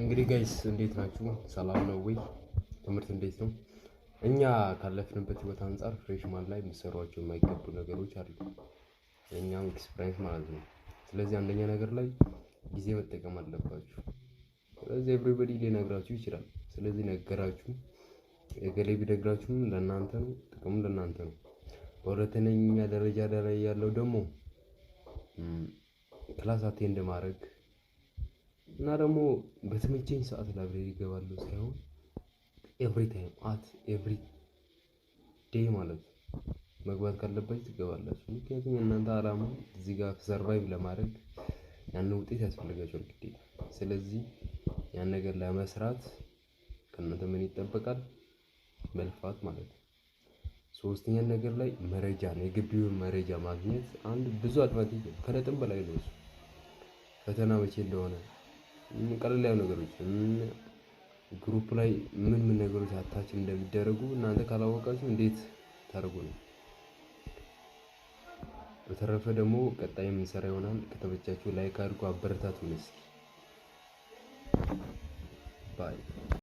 እንግዲህ ጋይስ እንዴት ናችሁ? ሰላም ነው ወይ? ትምህርት እንዴት ነው? እኛ ካለፍንበት ህይወት አንጻር ፍሬሽማን ላይ የምሰሯቸው የማይገቡ ነገሮች አሉ። የእኛም ኤክስፒሪየንስ ማለት ነው። ስለዚህ አንደኛ ነገር ላይ ጊዜ መጠቀም አለባችሁ። ስለዚህ ኤቭሪበዲ ሊነግራችሁ ይችላል። ስለዚህ ነገራችሁ የገሌ ቢነግራችሁም ለእናንተ ነው፣ ጥቅሙ ለእናንተ ነው። በሁለተኛ ደረጃ ላይ ያለው ደግሞ ክላስ አቴንድ ማድረግ እና ደግሞ በተመቸኝ ሰዓት ላይብሬሪ ይገባሉ ሳይሆን ኤቭሪ ታይም አት ኤቭሪ ዴይ ማለት መግባት ካለባችሁ ትገባላችሁ። ምክንያቱም የእናንተ አላማ እዚህ ጋር ሰርቫይቭ ለማድረግ ያንን ውጤት ያስፈልጋችኋል ግዴታ። ስለዚህ ያን ነገር ለመስራት ከእናንተ ምን ይጠበቃል? መልፋት ማለት ነው። ሶስተኛ ነገር ላይ መረጃ ነው። የግቢውን መረጃ ማግኘት አንድ ብዙ አድቫንቴጅ ከለጥም በላይ ነው። ፈተና መቼ እንደሆነ ቀለል ያሉ ነገሮች ግሩፕ ላይ ምን ምን ነገሮች አታች እንደሚደረጉ እናንተ ካላወቃችሁ እንዴት ታደርጉ ነው። በተረፈ ደግሞ ቀጣይ የምንሰራ ይሆናል። ከተመቻችሁ ላይክ አድርጉ፣ አበረታቱ። እስኪ ባይ